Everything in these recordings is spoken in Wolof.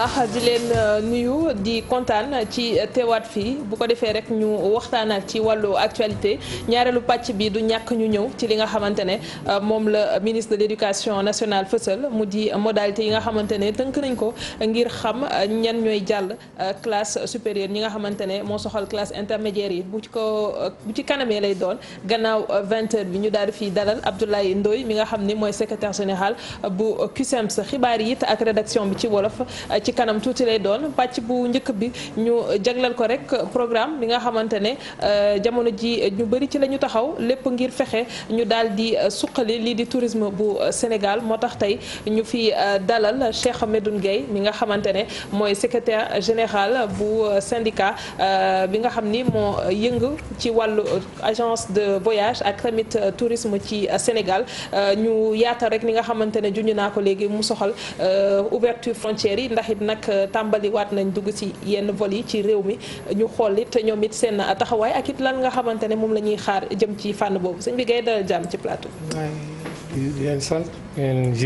ah di leen euh, nuyu di kontaan ci teewaat fii bu ko defee rek ñu waxtaanaat ci wàllu actualité ñaareelu pàcc bi du ñàkk ñu ñëw ci li nga xamante ne euh, moom la ministre de l'éducation national fësal mu di modalité yi nga xamante ne tënk nañ ko ngir xam euh, ñan ñooy jàll classe supérieure ñi nga xamante ne moo soxal classe intermédiaire yi bu ci ko bu ci kanamee lay doon gannaaw 20 bi ñu daal di fiy dalal Abdoulaye Ndoye mi nga xam ni mooy secrétaire général bu CUSEMS xibaar yi it ak bi ci wolof. ci kanam tuuti lay doon pàcc bu njëkk bi ñu jagleel ko rek programme bi nga xamante ne euh, jamono ji ñu bëri ci la ñu taxaw lépp ngir fexe ñu daal di euh, suqali lii di tourisme bu euh, Sénégal moo tax tey ñu fi dalal Cheikh Medoune Gueye mi nga xamante ne mooy secrétaire général bu syndicat bi nga xam ni moo yëngu ci wàllu agence de voyage ak tamit tourisme ci Sénégal ñu yaatal rek ni nga xamante ne juñu naa ko léegi mu soxal ouverture frontières yi ndax it nag euh, tàmbali waat nañ dugg ci yenn vol yi ci réew mi ñu xool it ñoom it seen taxawaay ak it lan nga xamante ne moom la ñuy xaar jëm ci fànn boobu sëñ bi ngay dalal jàmm ci plateau. di leen sant leen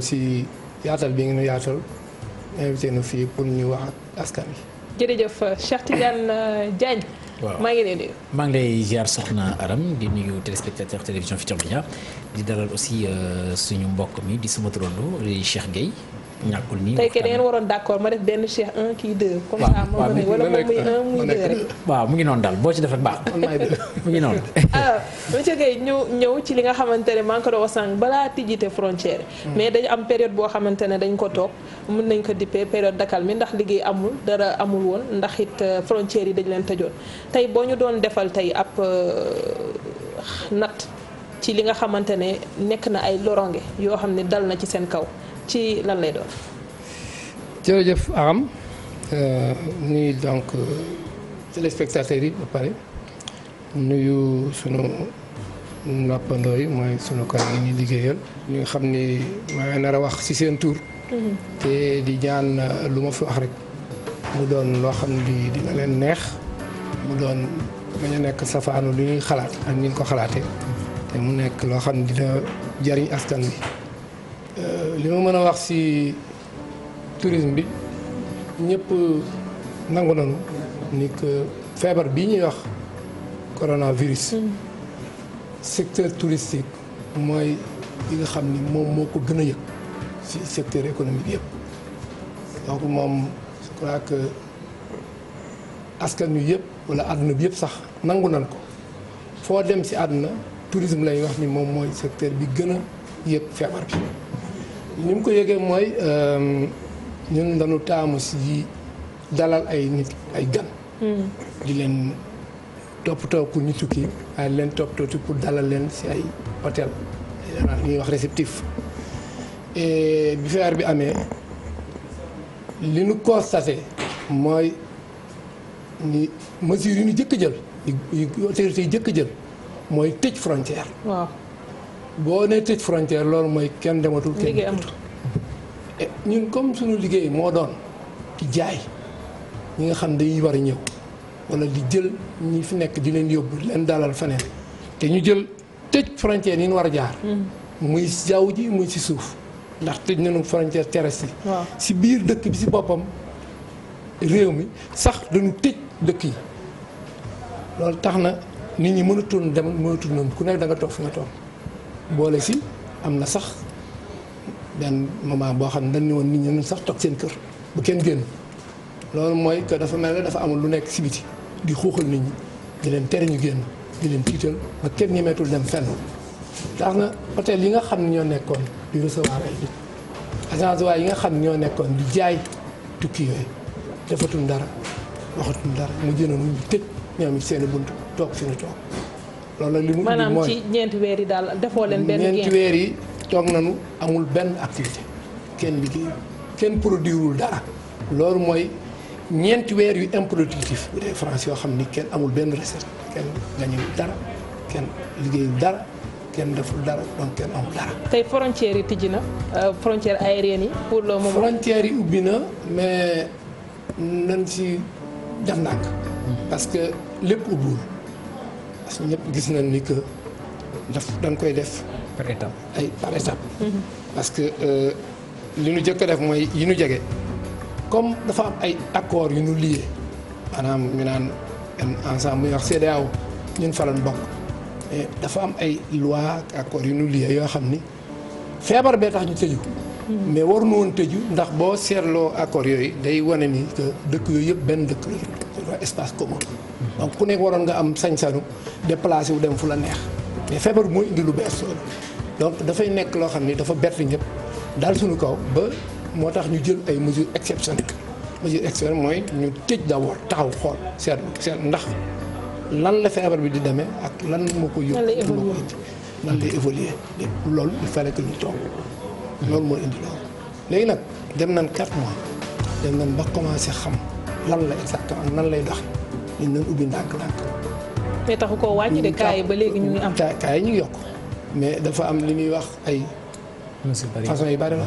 si um, yaatal bi ngeen di yaatal nu fii pour ñu wax askan wi. jërëjëf euh, Cheikh Tidiane euh, Diagne. waaw maa ngi lay nuyu. maa ngi lay ziar soxna Aram di nuyu téléspectateur télévision Futurs Médias di dalal aussi suñu mbokk mi di sama turando di Cheikh Gueye ñàkkul nii tey ke da waroon d'accord ma def benn cheikh un kii deux comme ça ma waaw mu ngi noonu daal boo ci def rek baax mu ngi noonu alors ah, monsieur Guèye ñëw ci li nga xamante ne maa ngi ko doon sànq balaa tijjite frontière hmm. mais dañu am période boo xamante ne dañ ko toog mën nañ ko dippee période dakal mi ndax liggéey amul dara amul woon ndax it euh, frontières yi dañ leen tëjoon tey boo ñu doon defal tey ab euh, nat ci li nga xamante ne nekk na ay loronge yoo xam ne dal na ci seen kaw ci lan am doon. jërëjëf Aram euh, nuyu donc euh, yi ba pare nuyu sunu noppandoo yi mooy sunu kan yi liggéeyal ñu xam ni maa nar a wax ci seen tur. Mhm. te di ñaan euh, lu ma fi wax rek mu doon loo xam ni dina leen neex mu doon bañ a nekk safaanu lu ñuy xalaat ak ñu ko xalaatee te mu nekk loo xam ne dina jariñ askan wi. Euh, li ma mën a wax ci tourisme bi ñëpp nangu nañu ni feebar bii ñuy wax coronavirus. Mm. secteur touristique mooy li nga xam ni moom moo ko gën a yëg ci secteur économique yëpp donc moom je crois que askan wi yëpp walla àdduna bi yëpp sax nangu nan ko foo dem ci àdduna tourisme lay wax ni moom mooy secteur bi gën a yëpp feebar bi. ni mu ko yëgee mooy euh, ñun dañu taamu si dalal ay nit ay gan. Hmm. di leen toppatoo pour ñu tukki ay leen toppatoo pour dalal leen si ay hôtel ñuy wax réceptif. et bi feebar bi amee li nu constaté mooy ni mesures yu ñu jëkk jël yu autorités yi jëkk jël mooy tëj frontière. boo nee tëj frontière loolu mooy kenn dematul kenn eh, ñun comme suñu liggéey moo doon di jaay ñi nga xam dañuy war a ñëw wala di jël ñi fi nekk di leen yóbbu leen dalal feneen te ñu jël tëj frontière yi ñu war a jaar hmm. muy jaww ji muy si suuf ndax tëj nañu frontière terrestre yi si biir dëkk bi si boppam réew mi sax dañu tëj dëkk yi loolu tax na nit ñi mënatuñu dem mënatuñu ku nekk da nga toog fi nga toog boole si am na sax benn moment boo xam ne dañ ne woon nit ñi nañ sax toog seen kër bu kenn génn loolu mooy que dafa mel ne dafa amul lu nekk si biti di xuuxal nit ñi di leen tere ñu génn di leen tiital ba kenn ñemeetul dem fenn tax na hôtel yi nga xam ne ñoo nekkoon di recevoir yi nga xam ñoo nekkoon di jaay tukki yooyu defatul dara waxatul dara mu jënoon ñu tëj ñoom it seen i bunt toog fi ñu toog loolu nag li mu mooy ñeenti weer yi daal defoo leen benn ñeenti weer yi toog nañu amul benn activité kenn liggéey kenn produirul dara loolu mooy ñeenti weer yu improductif bu dee France yoo xam ni kenn amul benn recette kenn gañewul dara kenn liggéeyul dara kenn deful dara donc kenn amul dara. tey frontières yi tijji na euh, frontières aériennes yi pour le moment. frontières yi ubbi na mais nañ ci def ndànk hmm. parce que lépp ubbiwul. parce que ñëpp gis nañ ni que daf dañ koy def. par étape ay par étape. parce que euh, li ñu jëkk a def mooy yi ñu jege comme dafa am ay accords yu ñu lié maanaam ñu naan ensemble muy wax CEDEAO ñun fa lañ bokk dafa am ay loi ak accords yu ñu lié yoo xam ni feebar bee tax ñu tëju. mais waruñu woon tëju ndax boo seetloo accords yooyu day wane ni que dëkk yooyu yëpp benn dëkk la. ak espace commun. ku nekk waroon nga am sañ-sañu déplacé wu dem fu la neex mais feebar mooy indi lu bees loolu donc dafay nekk loo xam ni dafa bett ñëpp daal suñu kaw ba moo tax ñu jël ay mesures exceptionnelles mesures exceptionnelles mooy ñu tëj d'abord taxaw xool seet seet ndax lan la feebar bi di demee ak lan moo ko yóbbu. lan lay évoluer loolu il fallait que ñu toog loolu moo indi loolu léegi nag dem nañ 4 mois dem nañ ba commencé xam. lan la exactement nan lay dox dañ ubbi ndànk-ndànk. taxu koo wàññi de kaay ba léegi ñu ngi am. kaay ñu ngi yokk mais dafa am li ñuy wax ay. façon yu bari la.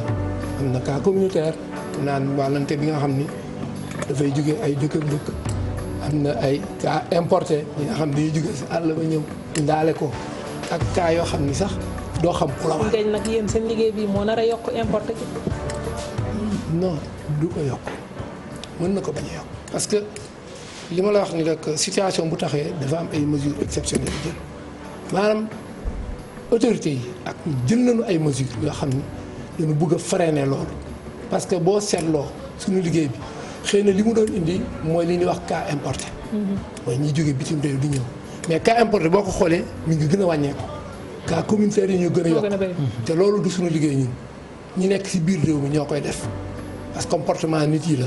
am na cas communautaire. naan wàllante bi nga xam ni dafay jóge ay dëkk dëkk. am na ay cas importe yi nga xam dañuy jóge si àll ba ñëw ndaale ko ak cas yoo xam ni sax doo xam ku la seen liggéey bi moo nar a yokk importé non du ko yokk. mën na ko bañ a yokk parce que li ma la wax ni rek situation bu taxee dafa am ay mesures exceptionnelles jël maanaam autorités yi ak jël nañu ay mesures yoo xam ne dañu bëgg a freiner loolu parce que boo seetloo suñu liggéey bi xëy na li mu doon indi mooy li ñuy wax cas importé mm-hmm. mooy ñi jógee bitim réew di ñëw mais cas importé boo ko xoolee mu ngi gën a wàññeeku cas communautaire yi ñu gën a yokk te loolu du suñu liggéey ñun ñi nekk ci biir réew mi ñoo koy def parce que comportement nit yi la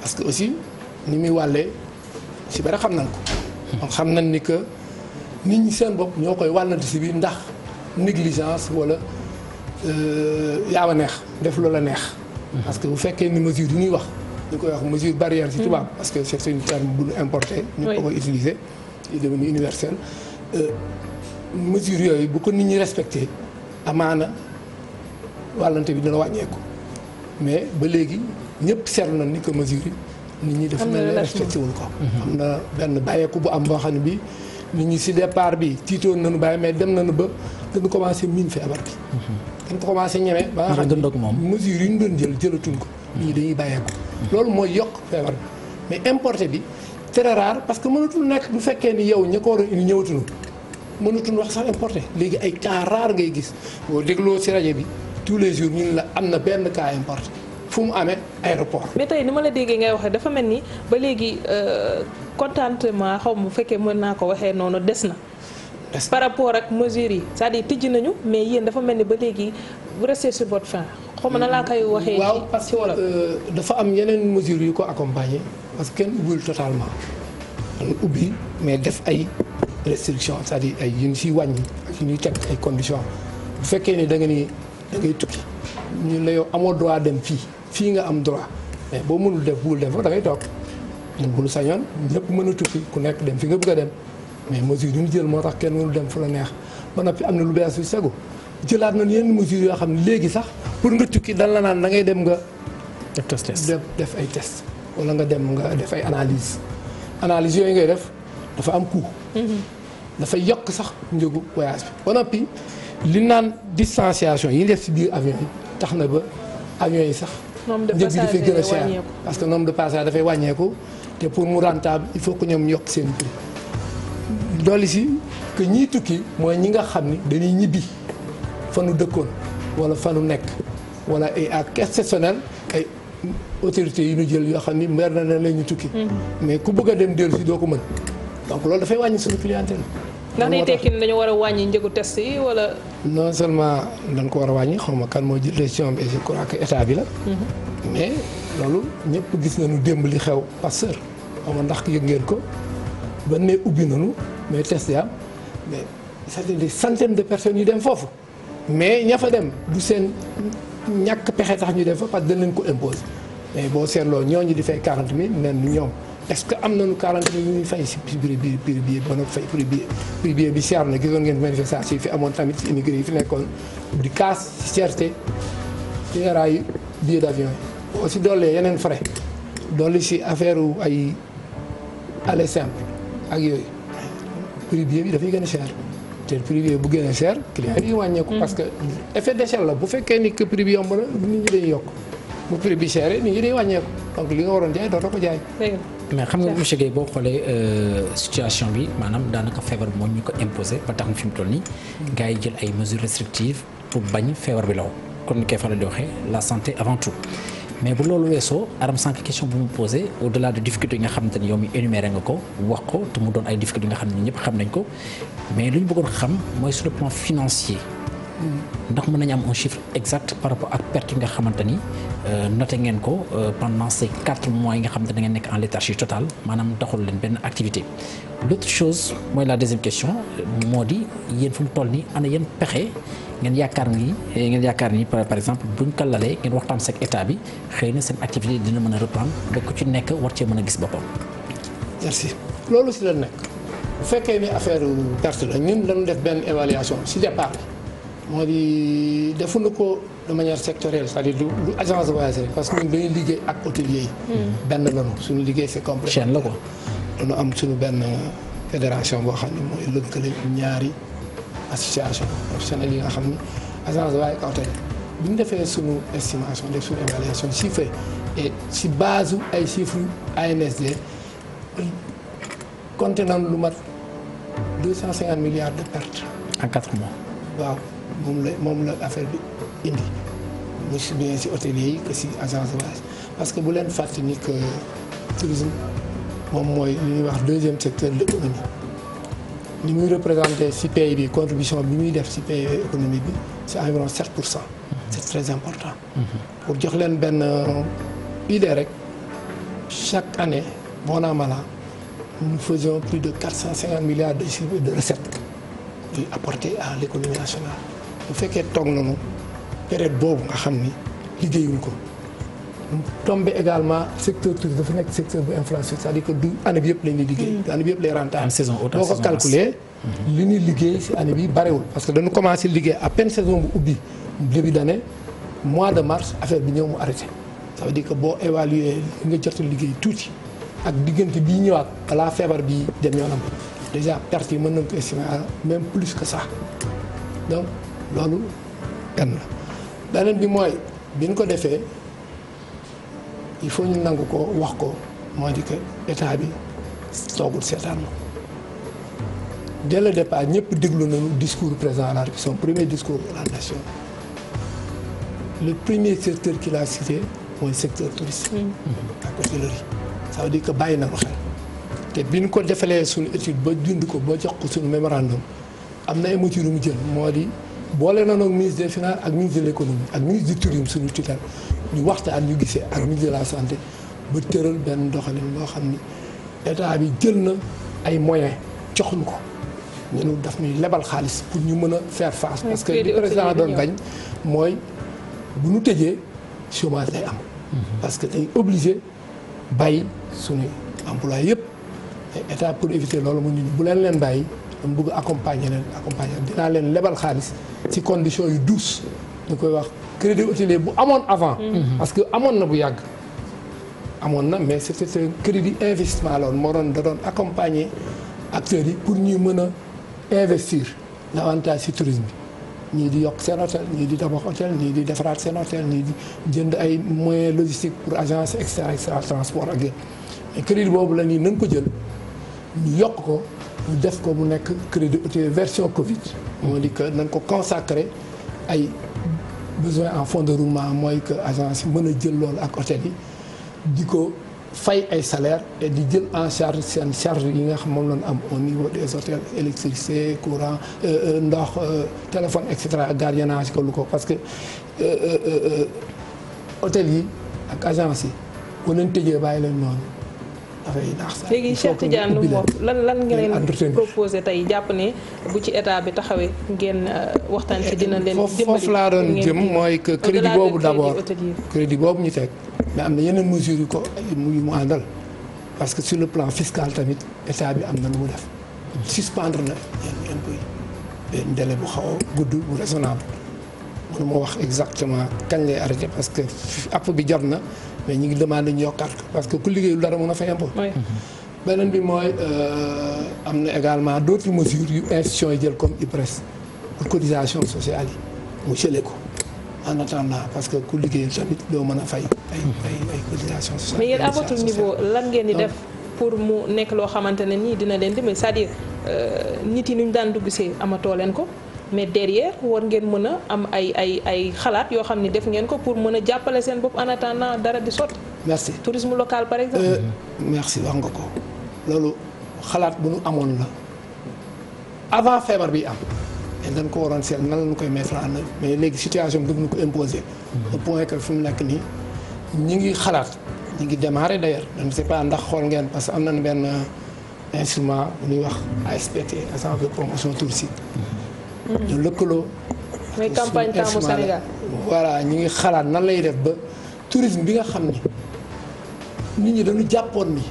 parce que aussi ni muy wàllee si bare xam nañ ko. kon xam nañ ni que nit ñi seen bopp ñoo koy wàllante si bi ndax négligence wala euh, a neex def loola neex. parce que bu fekkee ni mesure yi ñuy wax. ñu koy wax mesure barrière ci mm-hmm. tubaab. parce que c'est une terme bu ñu importé. ñu ko koy utilisé. il est devenu universel. Euh, mesure yooyu bu ko nit ñi respecté amaana wàllante bi dina wàññeeku. mais ba léegi ñëpp seetlu na ni ko mesures yi. nit ñi dafa mel ne respecté wuñ ko. Mhm. am na benn bàyyeeku bu am boo xam ne bii nit ñi si départ bi tiitoon nañu bàyyi mais dem nañu ba dañu commencé miin feebar bi. Mhm. dañ ko commencé ñeme ba nga xam ne mesures yi ñu doon jël jëlatuñ ko. Mhm. nit dañuy bàyyeeku. loolu mooy yokk mais importé bi très parce que mënatul nekk bu fekkee ni yow ña ko war a indi ñëwatuñu mënatuñ wax sax importé léegi ay cas rare ngay gis boo dégloo si rajo bi. tous les jours ñu la am na benn cas importe fu mu amee aéroport. mais tey ni ma la déggee ngay waxee dafa mel ni ba léegi euh, contentement xaw ma bu fekkee mën naa ko waxee noonu des na. par rapport ak mesures yi cest à nañu mais yéen dafa mel ni ba léegi vous restez sur votre xaw ma na laa koy waxee. waaw parce que euh, dafa am yeneen mesures yu ko accompagner parce que kenn ubbiwul totalement. ubbi mais def ay restrictions cest à ay yu ñu fi wàññi ak yu ñuy teg ay conditions bu fekkee ne da nga da ngay tukki ñu ne yow amoo droit dem fii fii nga am droit mais boo mënul def bul dem fa da toog ñun bu ñu sañoon ñëpp mën a tukki ku nekk dem fi nga bëgg a dem mais mesure yu ñu jël moo tax kenn mënul dem fu la neex ba noppi am na lu bees yu segu jëlaat nañu yenn mesures yoo xam ne léegi sax pour nga tukki dan la naan da ngay dem nga. def test def ay test wala nga dem nga def ay analyse yooyu ngay def dafa am coût. Mhm. dafa sax njëgu ba noppi li naan distanciation yi def si biir avion yi tax na ba avion yi sax. njëg bi dafay gën a cher parce que nombre de passagers dafay wàññeeku. te pour mu rentable il faut que ñoom yokk seen prix. dolli si que ñiy tukki mooy ñi nga xam ni dañuy ñibbi fanu dëkkoon wala fanu nekk wala ay ak exceptionnel ay autorités yu nu jël yoo xam ni mer na leen ñu tukki. Mhm. mais ku bëgg dem dellu si doo ko mën donc loolu dafay wàññi suñu clientèle. ndax day tekki dañu war a wàññi njëgu test yi wala. non seulement dañ ko war a wàññi xaw ma kan moo jël décision bi et état bi la. Mhm. mais loolu ñëpp gis nañu démb li xew Pasteur xaw ma ndax yëg ngeen ko ba ne ubbi nañu mais test am mais c'est de personnes yu dem foofu mais ña fa dem du seen ñàkk pexe tax ñu dem fa parce que dañ leen ko imposer mais boo seetloo ñooñu di fay quarante mille nen ñoom. est-ce que am nañu 40 mille ñuy fay si prix bi prix bi ba bi prix bi bi cher na gisoon ngeen manifestation yi fi amoon tamit si immigré yi fi nekkoon di kaas cherté ci eraayu billet d'avion yi. aussi dollee yeneen frais dolli si affaire ay aller simple ak yooyu prix bi dafay gën a cher. te prix bi bu gën a cher. client yi wàññeeku parce que effet de d'échelle la bu fekkee ni que prix bi yomb nit ñi day yokk bu prix bi cher nit ñu day wàññeeku donc li nga waroon jaay dootoo ko jaay. mais xam nga monsieur Guèye boo xoolee euh, situation bi maanaam daanaka feebar moo ñu ko imposé ba tax na fi mu toll nii. gars yi jël ay mesures restrictives pour bañ feebar bi law kon ni fa faral di waxee la santé avant tout. mais bu loolu weesoo aram sànq question bu mu posé au delà de difficulté yi nga xamante ni yow mi énuméré nga ko wax ko te mu doon ay difficulté yi nga xam ne ñëpp xam nañ ko mais lu ñu bëggoon xam mooy sur le plan financier. ndax mën nañu am un chiffre exact par rapport ak perte yi nga xamante ni euh, noté ngeen ko euh, pendant ces quatre mois yi nga xamante da ngeen nekk en léthargie totale maanaam doxul leen benn activité. l' autre chose mooy la deuxième question moo di yéen fu mu toll nii ana ni eh, ngeen par exemple buñ ko lalee ngeen waxtaan seen état bi a reprendre ba ku ci nekk war a gis boppam. merci loolu si la nekk bu fekkee ni affaire perte la ñun dañu def benn évaluation si départ. moo di na ko de manière sectorielle c'est-à-dire du agence de voyage rek parce que ñun dañuy liggéey ak hôtelier yi. Hmm. benn lañu suñu liggéey c'est complet. chaîne la ko dañu am suñu benn fédération boo xam ne mooy lëkkale ñaari association professionnelle yi nga xam ne agence de voyage ak hôtel bi ñu defee suñu estimation def suñu évaluation chiffrée et si base ay chiffres ANSD compté lu mat deux cent cinquante milliards de pertes. en quatre mois waaw. moom la moom la affaire bi indi mu si bien si hôteliers yi que si agence de parce que bu leen fàtte ni que tourisme moom mooy li ñuy wax deuxième secteur de l'économie ni muy représenté si pays bi contribution bi muy def si pays économie bi c'est environ 7 pour cent c'est très important pour jox leen benn euh, idée rek chaque année bon an mal an nous faisons plus de 450 milliards de chiffres de recettes apportées à l'économie nationale bu fekkee toog nañu période boobu nga xam ni liggéeyul ko tombé également secteur tourisme dafa nekk secteur bu inflation c'est-à-dire que du année bi yëpp lañuy liggéey du mm. année bi yëpp lay rentable boo ko calculé mm-hmm. li ñuy liggéey si année bi barewul parce que dañu commencé liggéey à peine saison bu ubbi début d'année mois de mars affaire bi ñëw mu arrêté ça veut dire que boo évaluer li nga jot a liggéey tuuti ak diggante bii ñëwaat balaa feebar bi dem yoonam déjà perte yi mën nañ ko à même plus que loolu benn la beneen bi mooy bi ñu ko defee il faut ñu nangu ko wax ko moo di que état bi toogul seetaan ma dès le départ ñëpp déglu nañu discours président de la son premier discours de la nation le premier secteur qu'il a cité mooy secteur touristique mm-hmm. ak hôtellerie ça que bàyyi na ko xel te bi ñu ko defalee suñu étude ba dund ko ba jox ko suñu mémorandum am na émotion lu mu jël moo di boole na nag ministre des finances ak ministre de l' économie ak ministre du tourisme suñu tutelle ñu waxte waxtaan ñu gisee ak ministre de la santé ba tëral benn doxalin loo xam ni état bi jël na ay moyen joxuñu ko nu daf ñuy lebal xaalis pour ñu mën a faire face. parce que li président doon bañ mooy bu ñu tëjee chômage day am. Mhm. parce que tey obligé bàyyi suñu emploi yëpp état pour éviter loolu mu ñu bu leen leen bàyyi. dama bëgg accompagner leen accompagner dinaa leen lebal xaalis ci condition yu douce ñu koy wax crédit hôtelier bu amoon avant. Mhm. parce que amoon na bu yàgg. amoon na mais c' était crédit investissement la moo doon da doon accompagner acteurs yi pour ñuy mën a investir davantage ci tourisme bi. ñii di yokk seen hôtel ñii di tabax hôtel ñii di defaraat seen hôtel ñii di jënd ay moyen logistiques pour agence et cetera et cetera transport ak yéen mais boobu la nii na ko jël yokk ko. def ko bu nekk crédit utile version Covid. moo di que nañ ko consacré ay besoin en fonds de roulement mooy que agence mën a jël loolu ak hôtel yi di ko fay ay salaire te di jël en charge seen charge yi nga xam moom lañ am au niveau des hôtels électricité courant euh, euh, ndox euh, téléphone et cetera gardiennage ko lu ko parce que hôtel yi ak agence yi bu leen tëjee bàyyi leen noonu. affaire yi naax sax léegi Cheikh Tidiane lu moom lan lan nga proposé tey jàpp ne bu ci état bi taxawee ngeen euh, waxtaan ci dina leen foofu laa doon jëm mooy que crédit boobu d'abord crédit boobu ñu teg mais am na yeneen mesures yu ko yu mu àndal parce que sur le plan fiscal tamit état bi am na lu mu def suspendre na yenn bu xaw a gudd bu raisonnable mënu wax exactement kañ lay arrêté parce que app bi jot na mais ñu ngi demandé ñu yokkaat ko parce que ku liggéeyul dara mun a fay impôt. beneen bi mooy euh, am na également d' autres mesures yu institutions yi jël comme IPRES pour cotisation sociale yi mu jëlee ko. en attendant parce que ku liggéey tamit doo mën a fay. ay mais yéen à niveau lan ngeen di def pour mu nekk loo xamante ne nii dina leen dimbali sa à dire euh, nit yi nu ñu daan dugg see amatoo leen ko. mais derrière war ngeen mën a am ay ay ay xalaat yoo xam ne def ngeen ko pour mën a jàppale seen bopp en attendant dara di sotti. merci tourisme local par exemple. Euh, merci wax nga ko loolu xalaat bu ñu amoon la avant feebar bi am. mais dañ ko waroon seet nan lañ koy mettre en œuvre mais léegi situation bi ñu ko imposer. le mm-hmm. que fi mu nekk nii ñi ngi xalaat ñi ngi démarrer d'ailleurs je ne sais ndax xool ngeen parce que am nañ benn euh, instrument bu ñuy wax ASPT agence de promotion touristique. Mm-hmm. ñu lëkkaloo. muy campagne taamu voilà ñu ngi xalaat nan lay def ba tourisme bi nga xam ni nit ñi dañu jàppoon ni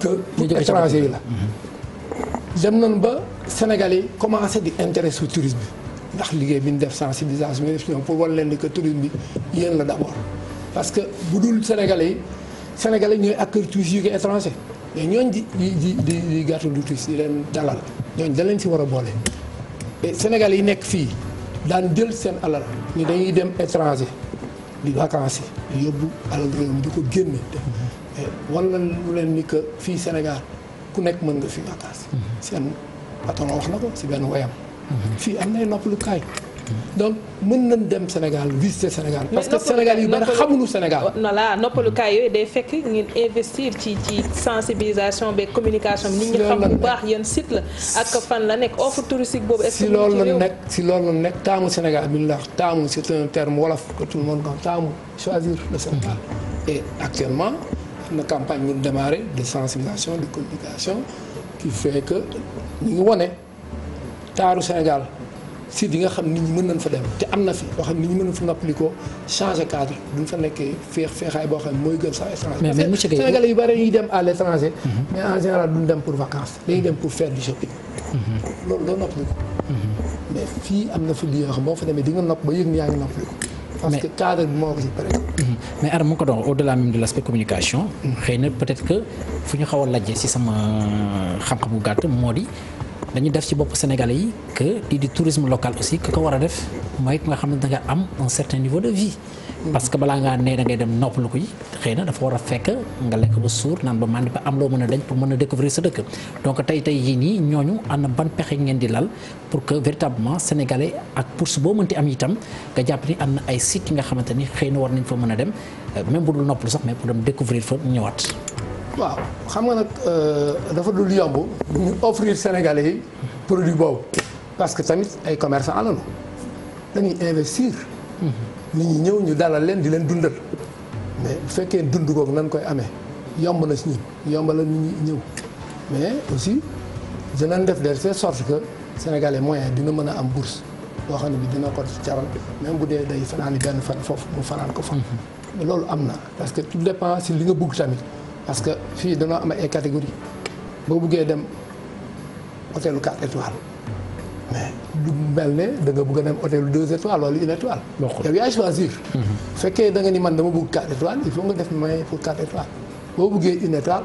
que pour étranger yi la. Mm-hmm. dem nañ ba Sénégal yi commencé di intéressé au tourisme bi ndax liggéey bi ñu def sensibilisation bi def pour wan leen di que tourisme bi yéen la d' abord parce que bu dul Sénégalais yi Sénégalais ñooy accueil touristes yu ko étranger ñooñ di di di di gàttal du yi leen dalal ñooñ da leen si war a boole. Sénégal yi nekk fii daan jël seen alal ni dañuy dem étranger di vacances yi yóbbu alal réew mi ko génn wala lu leen ni que fii Sénégal ku nekk mën nga fi vacances mm-hmm. seen patron wax na ko si benn woyam mm-hmm. fii am nay noppalukaay donc mën na dem Sénégal visiter Sénégal. parce que Sénégal yu bari xamuñu Sénégal. voilà oh, noppalukaay yooyu day fekk ngeen investir ci ci sensibilisation beeg communication bi. nit ñi xam bu baax yéen site la ak fan la nekk offre touristique boobu. est-ce que si loolu la nekk si loolu la taamu Sénégal bi ñu la wax taamu c'est terme wolof que tout le monde taamu choisir le Sénégal. Mm-hmm. actuellement am campagne bu ñu démarré de sensibilisation de communication qui fait que ñu wone taaru Sénégal. sites yi nga xam nit ñi mën nañ fa dem te am na fi boo xam nit ñi mën nañ fa nappalikoo changer cadre duñ fa nekkee féex féexaay boo xam ne mooy gën sax étranger. mais mais monsieur Guèye Sénégalais yu bari ñuy dem mhm. dem pour vacances. dañuy dem mhm. mhm. fii am na fi lii yoo xam boo fa demee di nga nopp ba yëg ni yaa ngi nappaliko. parce que cadre bi moo ko ci pare. mais ar mu ko doon au delà même communication. xëy na peut être que fu ñu xaw a lajjee si sama xam-xam bu gàtt moo di dañu def ci bopp Sénégalais yi que lii di tourisme local aussi que ko war a def mooy nga xam ne da nga am un certain niveau de vie. parce que balaa ngaa nee da ngay dem noppalu ko yi xëy na dafa war a fekk nga lekk ba suur naan ba màndi ba am loo mën a dañ pour mën a découvrir sa dëkk. donc tey tey yii nii ñooñu ana ban pexe ngeen di lal pour que véritablement sénégalais ak bourse boo mënti am itam nga jàpp ni am na ay sites yi nga xamante ni xëy na war nañ fa mën a dem euh, même bu dul noppalu sax mais pour dem découvrir fa ñëwaat. waaw xam nga nag euh, dafa dul yomb bu ñu offrir Sénégalais produit boobu parce que tamit ay commerçant lañu dañuy investir. nit ñëw ñu dalal leen di leen dundal mais bu fekkee dund googu nan koy amee yomb na si ñun yombalal nit ñi ñëw mais aussi dinañ def de telle sorte que sénégalais moyen dina mën a am bourse boo xam ne bi dina ko ci caral même bu dee day fanaani benn fan foofu mu fanaan ko fa. Mhm. loolu am na parce que tout dépend si li nga bugg tamit. parce que fii dañoo am ay catégorie boo buggee dem hôtelu 4 étoiles mais lu mel ne da nga bëgg a dem hôtelu 2 étoiles wala une étoile. yow yaay choisir. Mhm. fekkee da nga ni man dama bëgg 4 étoiles il faut nga def moyen pour 4 étoiles.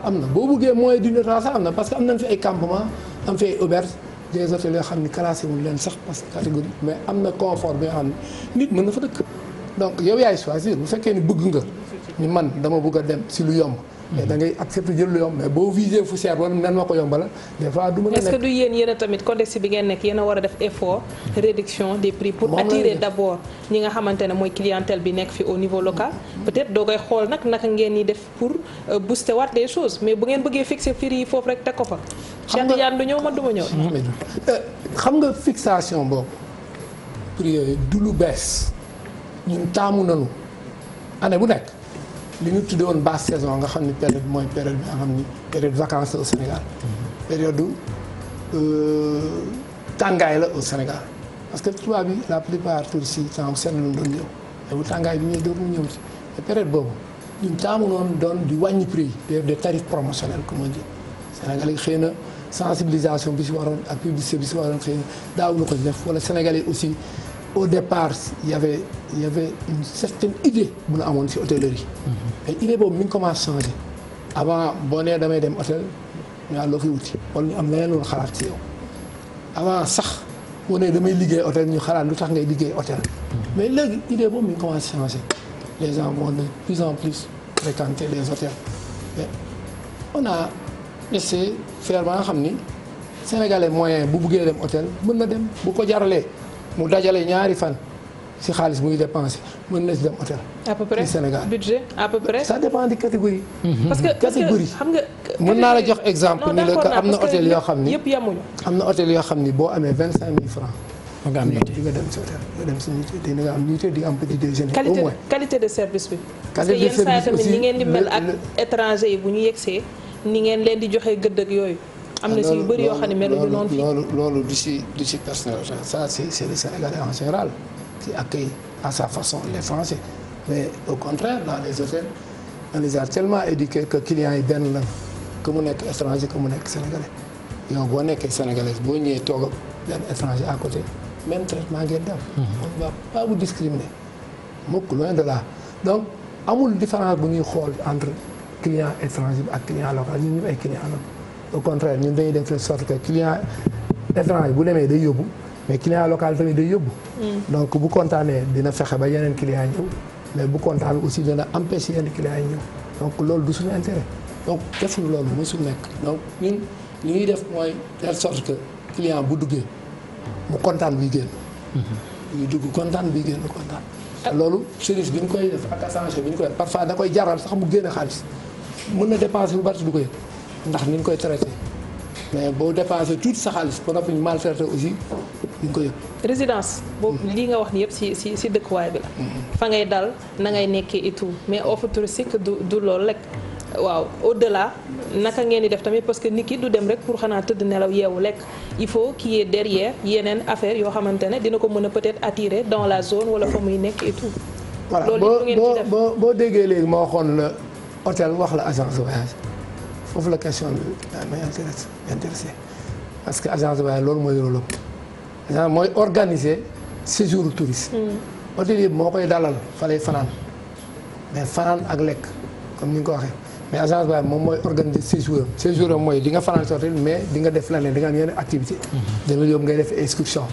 am na boo buggee moyen d'une am na parce que am nañ fi ay campement am xam ne classé wul leen sax parce que catégorie mais am na confort nit mën na fa dëkk. donc yow yaay choisir bu fekkee ni bëgg nga ni man dama bëgg dem si lu yomb. mais da ngay accepté jël lu yomb mais boo visé fu seer wala nan ma ko yomba des fois du mën a est-ce que du yéen yéen a tamit contexte bi ngeen nekk yéen a war a def effort réduction des prix pour attirer d'abord ñi nga xamante ne mooy clientèle bi nekk fi au niveau local peut-être doo koy xool nag naka ngeen ni def pour euh, booster waat les choses mais bu ngeen bëggee fixer prix yi foofu rek teg ko fa Cheikh Tidiane du ñëw man du ñëw hmm. euh, xam nga fixation boobu prix yooyu taamu nanu année nekk li ñu tuddee woon basse saison nga xam ni période mooy période bi nga xam ni période vacances au Sénégal. période euh, tàngaay la au Sénégal parce que tubaab yi la plupart touristes yi temps seen lu doon ñëw te bu tàngaay bi ñëwee dootu ñëw si période boobu ñun taamu noonu doon di wàññi prix yi. des tarifs promotionnels comme on dit Sénégal yi xëy na sensibilisation bi si waroon ak publicité bi si waroon xëy na daawuñu ko def wala Sénégalais aussi. au départ il y avait il y avait une idée bu nu amoon ci hôtellerie. mais mhm. idée boobu mi ngi commencé changé avant boo nee damay dem hôtel ñu loo fi wuti wala ñu am leneen loolu xalaat ci yow avant sax boo nee damay liggéey hôtel ñu xalaat lu tax ngay liggéey hôtel. Mhm. mais léegi idée boobu mi ngi commencé changé les gens vont de plus en plus fréquenter les hôtels mais on a essayé ba nga xam ni sénégalais moyen bu buggee dem hôtel mën na dem bu ko jaralee. mu dajale ñaari fan si xaalis muy dépensé mën na si dem hôtel. à peu Sénégal budget à peu près. ça dépend des mm-hmm. parce que catégorie xam nga. mën naa la jox exemple ni la am na hôtel yoo xam ni yëpp yamuñu. am na hôtel yoo xam ni boo amee vingt cinq mille francs. nga am nuitée di nga dem si hôtel nga dem si nuitée di nga am nuitée di nga am petit déjeuner. au moins qualité de service bi. qualité de service aussi ni ngeen di mel ak étranger yi bu ñu yegsee ni ngeen leen di joxee gëdd ak yooyu. am na si yu bëri yoo xam ne loolu loolu du si du si personnel ça c' est le Sénégalais en général ak accueille à sa façon les Français mais au contraire dans les hôtels on les a tellement éduqués yi benn la que mu nekk étranger que mu nekk sénégalais yow boo nekkee sénégalais boo ñëwee toog ak benn étranger à côté même traitement ngeen def. Mhm. on va pas vous mukk loin de la donc amul différence bu ñuy xool entre client étranger ak client local ñun ñëpp ay client la. au contraire ñun dañuy def de sorte que client étranger bu demee day yóbbu mais client local tamit day yóbbu. Mm. donc bu kontaanee dina fexe ba yeneen client ñëw mais bu kontaan aussi dina empêcher yenn client yi ñëw loolu du suñu intérêt donc defuñu loolu mosul nekk donc ñun li def mooy de sorte que client bu duggee mu kontaan bi génn. ñuy mm-hmm. dugg kontaan buy génn kontaan. Ah. loolu service bi ñu koy def ak assurance bi ñu koy def parfois da koy jaral sax mu génne xaalis mën na dépenser bu bari du ko yëg. ndax ni ñu koy traité mais boo dépensé tout sa xaalis ba noppi ñu maltraité aussi duñ ko yëg. résidence. boobu mm-hmm. lii nga wax ni yëpp si si si dëkkuwaay bi la. Mm-hmm. fa ngay dal na ngay nekkee et tout mais offre touristique du du loolu lekk waaw au delà naka ngeen di def tamit parce que nit ki du dem rek pour xanaa tëdd nelaw yeewu lekk il faut qu'il y ait yeneen affaire yoo xamante ne dina ko mën a peut-être attirer dans la zone wala fa muy nekk et tout. loolu boo boo léegi ma waxoon la hôtel wax la agence voyage. foofu la question daal may intéressé intéressé parce que agence waaye loolu mooy rôle am mooy organiser séjour touriste. Mm. hôtel yi moo koy dalal fa lay fanaan mais fanaan ak lekk comme ni nga ko waxee mais agence waaye moom mooy organiser séjour am séjour am mooy di nga fanaan si hôtel mais di nga def leneen di nga am yeneen activité dana mm-hmm. yóbbu ngay def excursion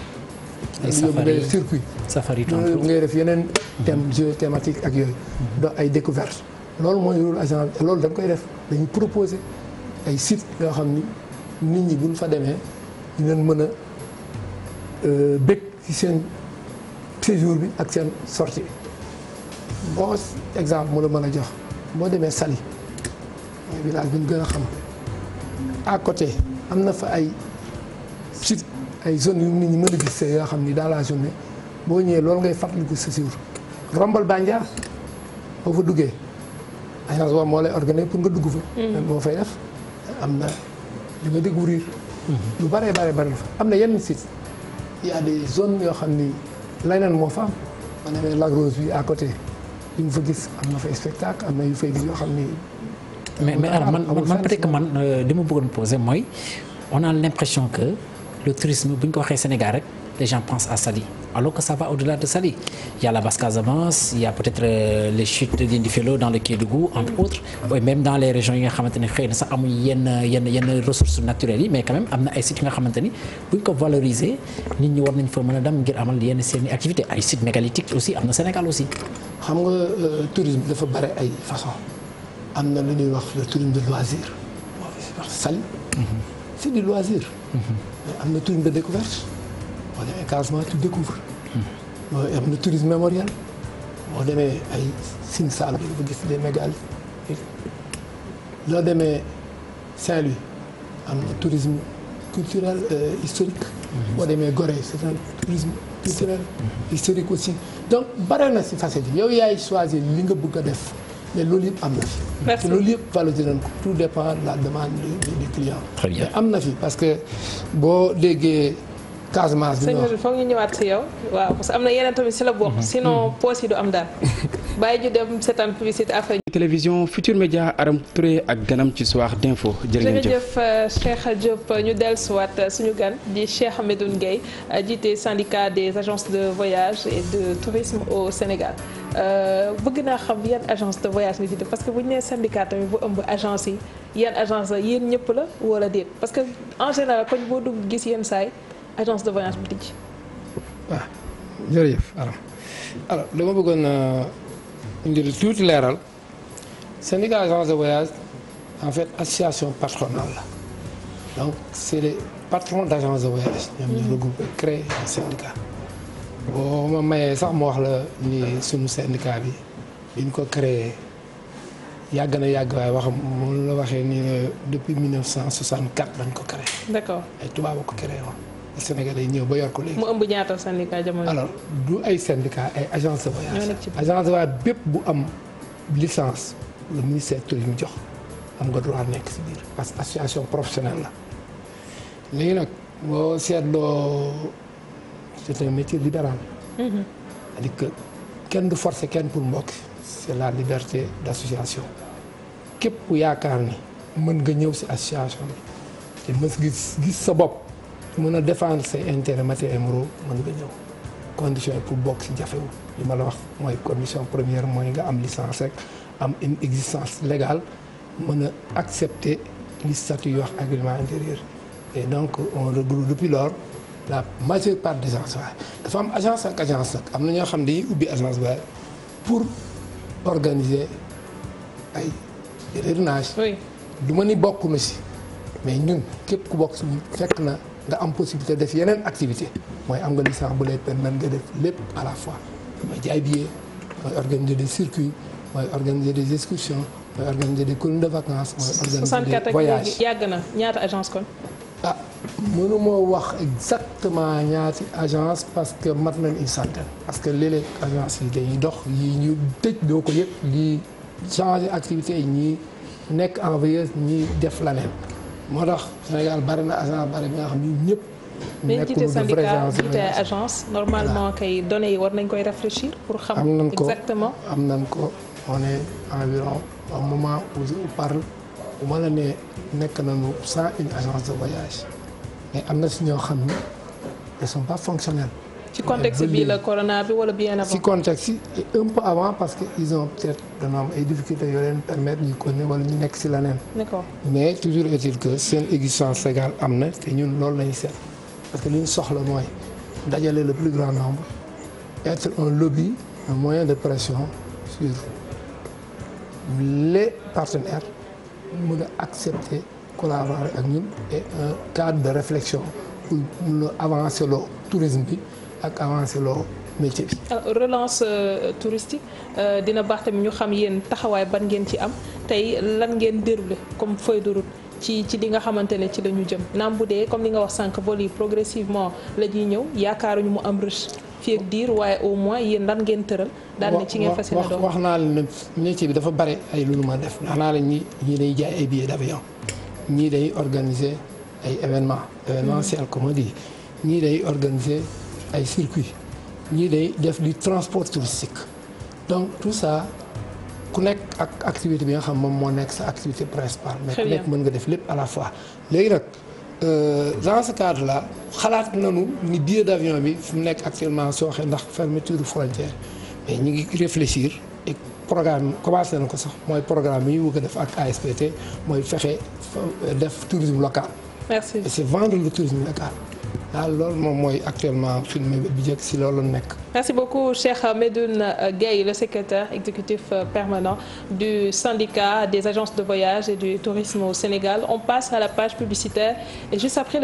yóbbu ngay def circuit safari yóbbu ngay def yeneen thème mm-hmm. jeu thématique ak yooyu mm-hmm. donc ay découverte loolu mooy rôle agent loolu dañ koy def dañu proposer ay sites yoo xam ni nit ñi buñ fa demee dinañ mën a euh, bëgg ci seen séjour bi ak seen sortie bi boo exemple mu la mën a jox moo demee Saly mooy village bi gën a xam à côté am na fa ay sites ay zones yu nit ñi mën a gis yoo xam ni dans la journée boo ñëwee loolu ngay fàttaliku sa séjour Rombal Bandia boo fa duggee agence boobu moo lay organiser pour nga dugg fa. moo mm-hmm. fay def am na li nga découvrir. Mm-hmm. lu bare bare bare fa am na yenn sites y a des zones yoo xam ni leneen moo fa am ma demee Lac bi à côté yu mu fa gis am na fay spectacle am na yu fay gis yoo xam ni. mais mais alors man man peut-être que man euh, li ma bëggoon poser mooy on a l'impression que le tourisme bu ñu ko waxee Sénégal rek. les gens pensent à Saly alors que ça va au-delà de Saly il y a la basse Casamance il peut-être euh, les chutes de dans le Kédougou entre autres oui, même dans les régions yi nga xamante ne xëy na sax amuñ yenn yenn yenn ressources naturelles yi mais quand même am na ay sites yi nga xamante ni buñ ko valoriser nit ñi war nañ fa mën a dem ngir amal yenn seen i activités ay sites mégalithiques aussi am na Sénégal aussi. xam nga euh, tourisme dafa bare ay façon am na lu ñuy wax le tourisme de loisir a Saly. Mm-hmm. c'est mm-hmm. na tourisme de découverte. boo demee Casamance tu découvres am na tourisme mémorial boo demee ay Sine Saalum bi nga gis des mégalithes loo demee saint am na tourisme culturel euh, historique boo mhm. demee Gorée c'est un tourisme culturel historique aussi donc bare na si facette yi yow yaay choisir li nga bëgg def mais loolu yëpp am na fi. loolu yëpp valoriser nañ ko tout dépend de la demande du client. am na fi parce que boo déggee. Casamance bi sëñ bi foog ñu ñëwaat si yow waaw parce que am na yeneen tamit si la bokk. Mhm. sinon mhm. poos yi du am daal. bàyyi ju dem seetaan publicité affaire télévision Futur Média Aram Touré ak ganam ci soir d'info. jërë ngeen jëf euh, Cheikh Diop ñu dellusiwaat euh, suñu gan di Cheikh Medoune Gueye euh, jiite syndicat des agences de voyage et de tourisme au Sénégal bëgg naa xam yan agence de voyage nga parce que bu ñu nee syndicat tamit bu ëmb agence yi yan agence la yéen ñëpp la wala déet que en général agence de voyage bu dama bëggoon euh, indil tuuti leeral syndicat agence de voyage en fait association patronale la donc c' est les patrons d' agence de voyage. ñoom ñoo regroupé créé un syndicat. boo ma mayee sax ma wax la ni sunu syndicat bi bi ñu ko créer yàgg na yàgg waaye wax moom la waxee ni euh, depuis 1964 dañ ko créé. d' accord ay tubaab a ko créé woon. Sénégalais yi ñëw ba yor ko léegi. mu ëmb ñaata syndicat jamono alors du ay syndicat ay agence de voyage. agence de voyage bépp bu am licence le ministère tourisme jox am nga droit nekk si biir parce que association professionnelle la léegi nag boo seetloo c'est un métier libéral. Mm-hmm. cest à kenn du forcer kenn pour mbokk c'est la liberté d'association képp ku yaakaar ni mën nga ñëw si association bi te mës gis gis sa bopp. mën a défendre ses intérêts matériels moraux mën nga ñëw condition yi pour bokk si jafewul li ma la wax mooy condition première mooy nga am licence rek am une existence légale mën a accepter li statut yi wax agrément intérieur et donc on regroupe depuis lors la majeure part des agences waaye dafa am agence ak agence nag am na ñoo xam ne dañuy ubbi agence waaye pour organiser ay réunage du ma ni bokk si mais ñun képp ku bokk si fekk na nga am possibilité def yeneen activité mooy am nga licence bu lay permettre nga def lépp à la fois mooy jaay billet mooy organiser des circuits mooy organiser des excursions mooy organiser des colonies de vacances mooy organiser des voyages yàgg na ñaata agence kon ah mënu moo wax exactement ñaati agence parce que mat nañ une centaine parce que léeg-léeg agence yi dañuy dox yii ñu tëj doo ko yëpp lii changer activité yi ñii nekk en veilleuse ñii def leneen moo tax Sénégal bari na agence bari bi nga xam ni ñëpp. nekkul syndicat jiite agence normalement kay yi war nañ koy réfléchir. pour xam exactement nañ ko am nañ ko on est environ au moment où je nekk nañu sans une agence de voyage mais am na si ñoo xam ne ils sont pas fonctionnels. ci contexte bi la corona wala bien avant. ci contexte yi un peu avant parce que ils ont peut-être dana ay difficultés yoo leen permettre ñu connaître wala ñu nekk ci leneen. d'accord mais toujours est-il que seen existence légale am na te ñun loolu lañu set parce que li ñu soxla mooy dajale le plus grand nombre être un lobby un moyen de pression sur les partenaires mu a accepter collaborer ak ñun et un cadre de réflexion pour mën a avancer le tourisme bi. ak avancé loo métier bi. Ah, relance euh, touristique euh, dina baax tamit ñu xam yéen taxawaay ban ngeen ci am tey lan ngeen déroulé comme feuille de route ci ci li nga xamante ne ci la jëm naam bu dee comme li nga wax sànq vol yi progressivement la ñuy ñëw yaakaaruñu mu am rëcc. fii ak diir waaye au moins yéen lan ngeen tëral. daal ne ci ngeen fas yéene doon wax naa la ne métier bi dafa bare ay lu nu ma def wax naa la ñi ñii day jaay ay billets d'avion ñii day organise ay événements hmm. événementiel comme ay circuit ñii day def di transport touristique donc tout ça ku nekk ak activité bi nga xam moom moo nekk sa activité principale mais ku nekk mën nga def lépp à la fois léegi nag euh, dans ce cadre là xalaat nañu ni billet d'avion bi fu mu nekk actuellement sooxe ndax fermeture frontière mais ñu ngi réfléchir et programme commencé na ko sax mooy programme bi ñu bëgg def ak ASPT mooy fexe def tourisme local. merci c'est vendre le tourisme local. ah loolu moom mooy actuellement film bi si loolu nekk. merci beaucoup Cheikh Medoune Gueye le secrétaire exécutif euh, permanent du syndicat des agences de voyage et du tourisme au Sénégal on passe à la page publicitaire et juste après.